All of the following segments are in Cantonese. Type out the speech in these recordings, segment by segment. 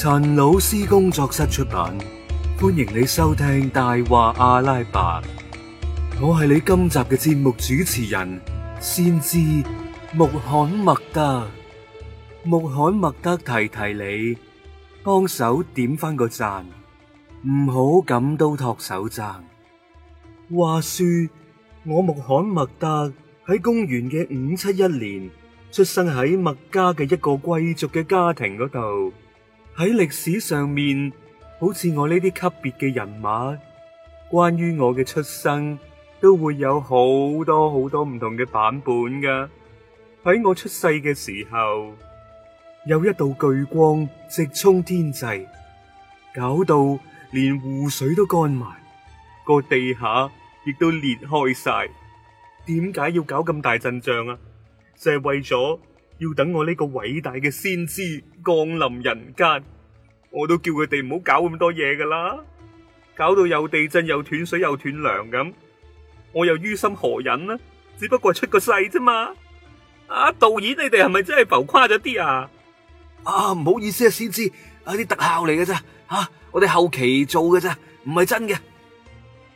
陳老師工作室出品，歡迎你收聽《大話阿拉伯》。我係你今集嘅節目主持人，先知穆罕默德。穆罕默德提提提你，幫手點返個讚，唔好咁都托手踭。話說，我穆罕默德喺公元嘅五七一年出生喺麥加嘅一個貴族嘅家庭嗰度。喺歷史上面，好似我呢啲級別嘅人物，關於我嘅出生都會有好多好多唔同嘅版本噶。喺我出世嘅時候，有一道巨光直衝天際，搞到連湖水都乾埋，個地下亦都裂開曬。點解要搞咁大陣仗啊？就係為咗。要等我呢個偉大嘅先知降臨人間，我都叫佢哋唔好搞咁多嘢噶啦，搞到又地震又斷水又斷糧咁，我又於心何忍呢？只不過出個世啫嘛。啊導演，你哋係咪真係浮誇咗啲啊？啊唔好意思啊，先知啊，啲特效嚟嘅咋吓，我哋後期做嘅咋，唔係真嘅。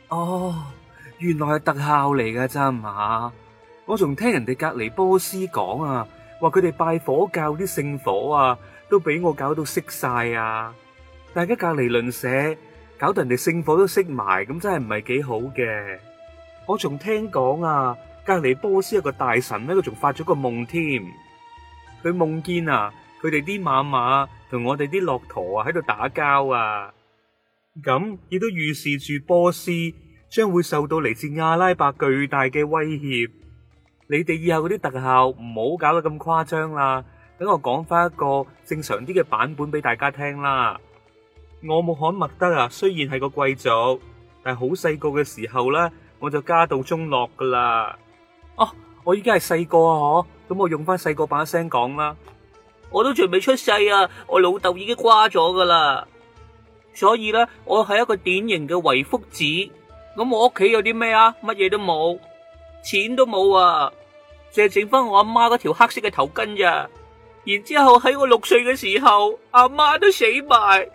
哦，原來係特效嚟嘅咋嘛？我仲聽人哋隔籬波斯講啊。話佢哋拜火教啲聖火啊，都俾我搞到熄晒啊！大家隔籬鄰舍搞到人哋聖火都熄埋，咁真係唔係幾好嘅。我仲聽講啊，隔籬波斯有個大神喺度仲發咗個夢添。佢夢見啊，佢哋啲馬馬同我哋啲駱駝啊喺度打交啊！咁亦都預示住波斯將會受到嚟自阿拉伯巨大嘅威脅。你哋以後嗰啲特效唔好搞得咁誇張啦，等我講翻一個正常啲嘅版本俾大家聽啦。我穆罕默德啊，雖然係個貴族，但係好細個嘅時候咧，我就家道中落噶啦。哦，我依家係細個啊，嗬，咁我用翻細個把聲講啦。我都仲未出世啊，我老豆已經瓜咗噶啦。所以咧，我係一個典型嘅遺腹子。咁我屋企有啲咩啊？乜嘢都冇。錢都冇啊，淨係剩翻我阿媽嗰條黑色嘅頭巾咋？然之後喺我六歲嘅時候，阿媽都死埋，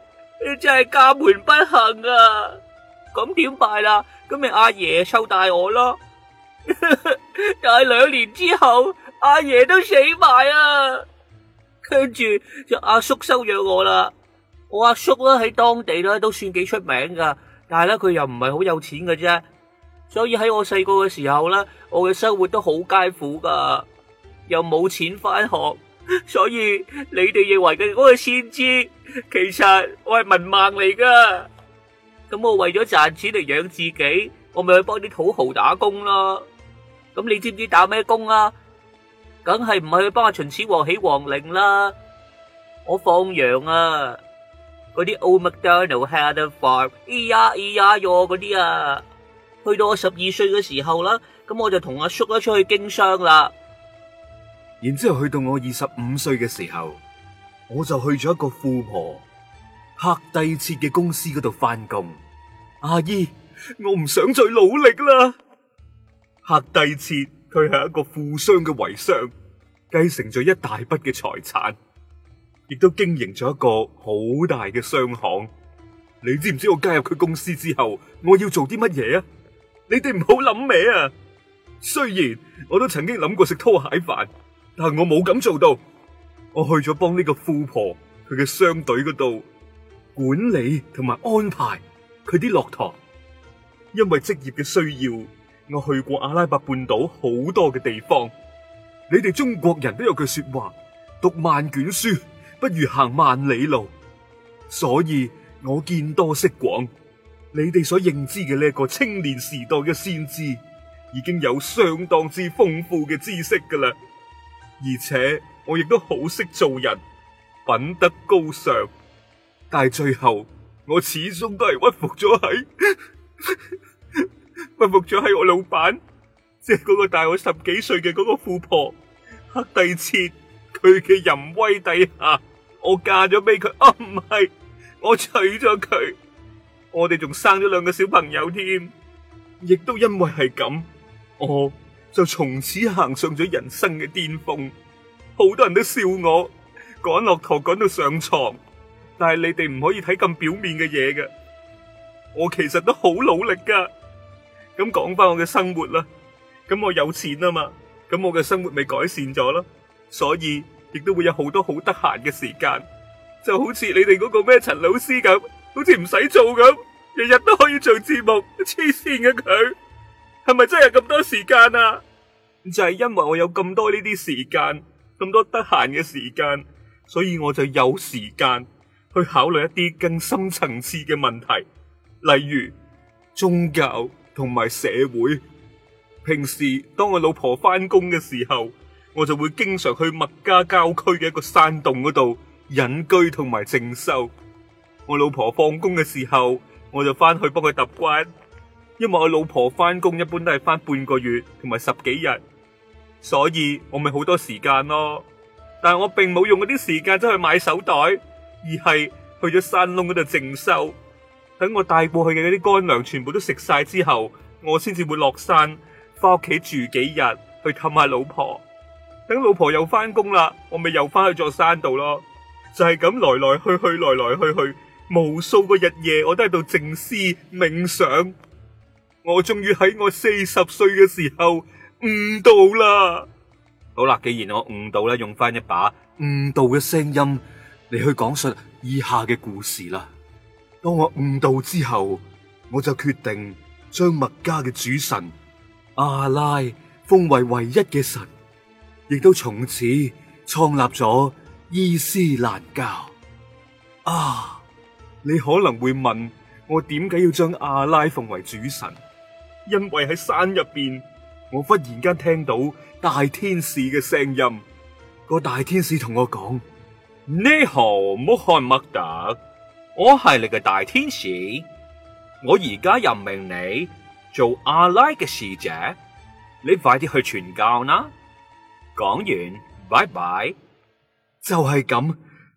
真係家門不幸啊！咁點辦啦、啊？咁咪阿爺收大我咯。 但係兩年之後，阿爺都死埋啊，跟住就阿叔,叔收養我啦。我阿叔咧喺當地咧都算幾出名噶，但係咧佢又唔係好有錢噶啫。所以喺我細個嘅時候咧，我嘅生活都好艱苦噶，又冇錢翻學，所以你哋認為嘅嗰個先知，其實我係文盲嚟噶。咁、嗯、我為咗賺錢嚟養自己，我咪去幫啲土豪打工囉。咁、嗯、你知唔知打咩工啊？梗係唔係去幫阿秦始皇起皇陵啦，我放羊啊。嗰啲 Old MacDonald had a farm 咿、哎、呀咿、哎、呀喲嗰啲啊。去到我十二歲嘅時候啦，咁我就同阿叔一出去經商啦。然之後去到我二十五歲嘅時候，我就去咗一個富婆黑帝切嘅公司嗰度翻工。阿姨，我唔想再努力啦。黑帝切佢係一個富商嘅遺孀，繼承咗一大筆嘅財產，亦都經營咗一個好大嘅商行。你知唔知我加入佢公司之後，我要做啲乜嘢啊？你哋唔好諗歪啊！雖然我都曾經諗過食拖鞋飯，但係我冇咁做到。我去咗幫呢個富婆佢嘅商隊嗰度管理同埋安排佢啲駱駝。因為職業嘅需要，我去過阿拉伯半島好多嘅地方。你哋中國人都有句說話：讀萬卷書不如行萬里路。所以我見多識廣。你哋所認知嘅呢一個青年時代嘅先知，已經有相當之豐富嘅知識㗎喇，而且我亦都好識做人，品德高尚。但係最後我始終都係屈服咗喺 屈服咗喺我老闆，即係嗰個大我十幾歲嘅嗰個富婆黑帝切，佢嘅淫威底下，我嫁咗俾佢。啊、哦，唔係，我娶咗佢。我哋仲生咗兩個小朋友添，亦都因為係咁，我就從此行上咗人生嘅巔峰。好多人都笑我趕駱駝趕到上床，但係你哋唔可以睇咁表面嘅嘢噶。我其實都好努力噶。咁講翻我嘅生活啦，咁我有錢啊嘛，咁我嘅生活咪改善咗咯。所以亦都會有好多好得閒嘅時間，就好似你哋嗰個咩陳老師咁。好似唔使做咁，日日都可以做節目，黐線嘅，佢係咪真係咁多時間啊？就係因為我有咁多呢啲時間，咁多得閒嘅時間，所以我就有時間去考慮一啲更深層次嘅問題，例如宗教同埋社會。平時當我老婆返工嘅時候，我就會經常去麥加郊區嘅一個山洞嗰度隱居同埋靜修。我老婆放工嘅時候，我就翻去幫佢揼骨，因為我老婆翻工一般都係翻半個月同埋十幾日，所以我咪好多時間咯。但係我並冇用嗰啲時間走去買手袋，而係去咗山窿嗰度靜修。等我帶過去嘅嗰啲乾糧全部都食晒之後，我先至會落山，翻屋企住幾日去氹下老婆。等老婆又翻工啦，我咪又翻去座山度咯。就係咁來來去去，來來去去。無數個日夜，我都喺度靜思冥想，我終於喺我四十歲嘅時候悟道啦。好啦，既然我悟道啦，用翻一把悟道嘅聲音嚟，去講述以下嘅故事啦。當我悟道之後，我就決定將麥加嘅主神阿拉封為唯一嘅神，亦都從此創立咗伊斯蘭教。啊！你可能會問我點解要將阿拉奉為主神？因為喺山入邊，我忽然間聽到大天使嘅聲音。個大天使同我講：你好，穆罕默德，我係你嘅大天使，我而家任命你做阿拉嘅使者，你快啲去傳教啦！講完，拜拜，就係咁。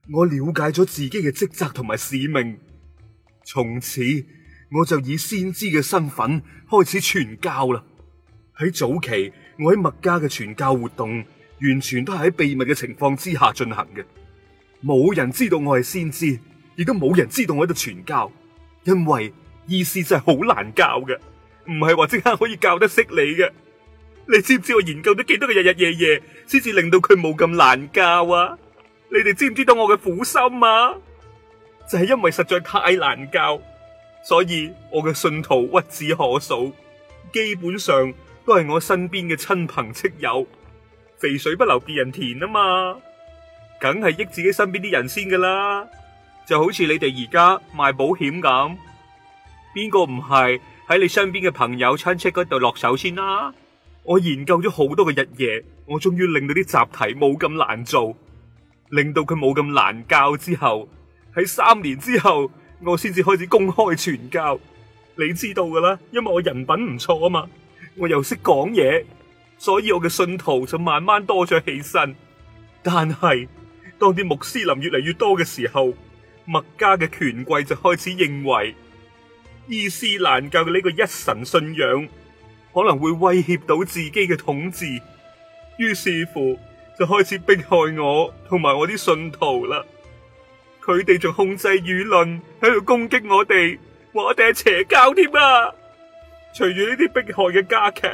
我了解咗自己嘅職責同埋使命，從此我就以先知嘅身份開始傳教啦。喺早期，我喺麥加嘅傳教活動完全都係喺秘密嘅情況之下進行嘅，冇人知道我係先知，亦都冇人知道我喺度傳教，因為意思真係好難教嘅，唔係話即刻可以教得識你嘅。你知唔知我研究咗幾多個日日夜夜，先至令到佢冇咁難教啊？你哋知唔知道我嘅苦心啊？就係因為實在太難教，所以我嘅信徒屈指可數，基本上都係我身邊嘅親朋戚友。肥水不流別人田啊嘛，梗係益自己身邊啲人先噶啦。就好似你哋而家賣保險咁，邊個唔係喺你身邊嘅朋友親戚嗰度落手先啦？我研究咗好多嘅日夜，我終於令到啲習題冇咁難做。令到佢冇咁難教之後，喺三年之後，我先至開始公開傳教。你知道㗎啦，因為我人品唔錯啊嘛，我又識講嘢，所以我嘅信徒就慢慢多咗起身。但係當啲穆斯林越嚟越多嘅時候，麥加嘅權貴就開始認為伊斯蘭教嘅呢個一神信仰可能會威脅到自己嘅統治，於是乎。就開始迫害我同埋我啲信徒啦，佢哋仲控制輿論喺度攻擊我哋，話我哋係邪教添啊！隨住呢啲迫害嘅加劇，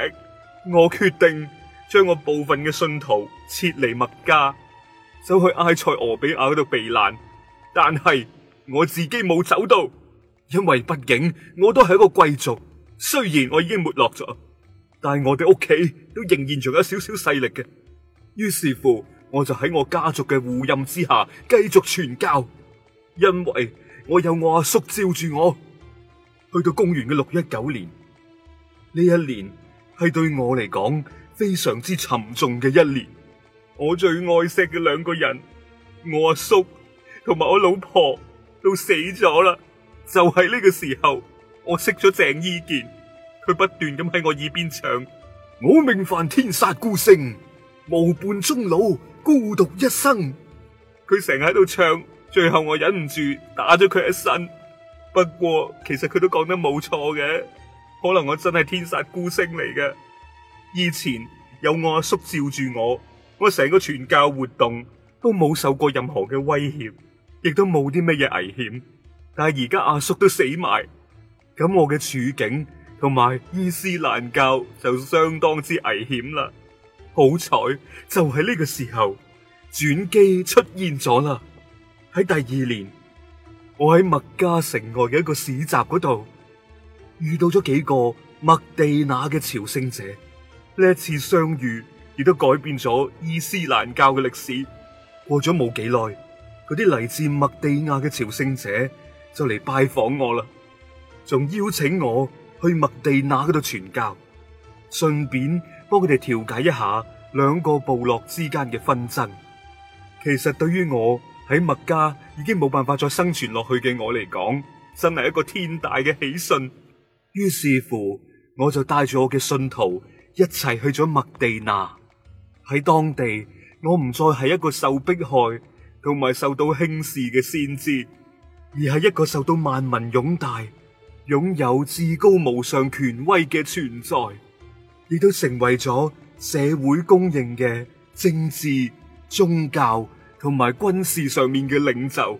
我決定將我部分嘅信徒撤離麥加，走去埃塞俄比亞嗰度避難。但係我自己冇走到，因為畢竟我都係一個貴族，雖然我已經沒落咗，但係我哋屋企都仍然仲有少少勢力嘅。於是乎，我就喺我家族嘅護蔭之下繼續傳教，因為我有我阿叔，叔照住我。去到公元嘅六一九年，呢一年係對我嚟講非常之沉重嘅一年。我最愛錫嘅兩個人，我阿叔同埋我老婆都死咗啦。就喺呢個時候，我識咗鄭伊健，佢不斷咁喺我耳邊唱：我命犯天煞孤星。無伴終老，孤獨一生。佢成日喺度唱，最後我忍唔住打咗佢一身。不過其實佢都講得冇錯嘅，可能我真係天煞孤星嚟嘅。以前有我阿叔照住我，我成個傳教活動都冇受過任何嘅威脅，亦都冇啲乜嘢危險。但係而家阿叔都死埋，咁我嘅處境同埋伊斯蘭教就相當之危險啦。好彩就喺呢個時候轉機出現咗啦！喺第二年，我喺麥加城外嘅一個市集嗰度遇到咗幾個麥地那嘅朝聖者，呢一次相遇亦都改變咗伊斯蘭教嘅歷史。過咗冇幾耐，嗰啲嚟自麥地那嘅朝聖者就嚟拜訪我啦，仲邀請我去麥地那嗰度傳教，順便。幫佢哋調解一下兩個部落之間嘅紛爭。其實對於我喺麥加已經冇辦法再生存落去嘅我嚟講，真係一個天大嘅喜訊。於是乎，我就帶住我嘅信徒一齊去咗麥地那。喺當地，我唔再係一個受迫害同埋受到輕視嘅先知，而係一個受到萬民擁戴、擁有至高無上權威嘅存在。亦都成為咗社會公認嘅政治、宗教同埋軍事上面嘅領袖，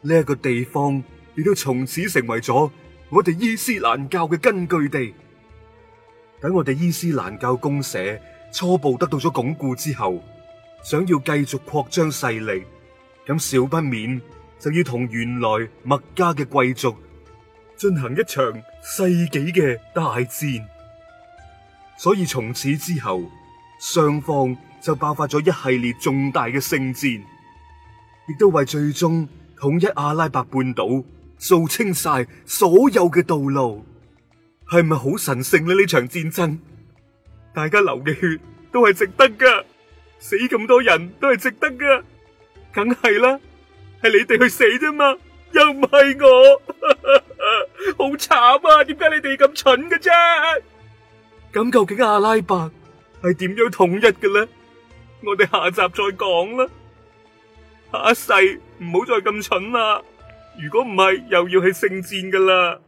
呢、這、一個地方亦都從此成為咗我哋伊斯蘭教嘅根據地。等我哋伊斯蘭教公社初步得到咗鞏固之後，想要繼續擴張勢力，咁少不免就要同原來麥加嘅貴族進行一場世紀嘅大戰。所以從此之後，雙方就爆發咗一系列重大嘅聖戰，亦都為最終統一阿拉伯半島掃清晒所有嘅道路。係咪好神聖咧？呢場戰爭，大家流嘅血都係值得噶，死咁多人都係值得噶，梗係啦，係你哋去死啫嘛，又唔係我， 好慘啊！點解你哋咁蠢嘅啫？咁究竟阿拉伯係點樣統一嘅咧？我哋下集再講啦。下一世唔好再咁蠢啦，如果唔係又要去聖戰噶啦。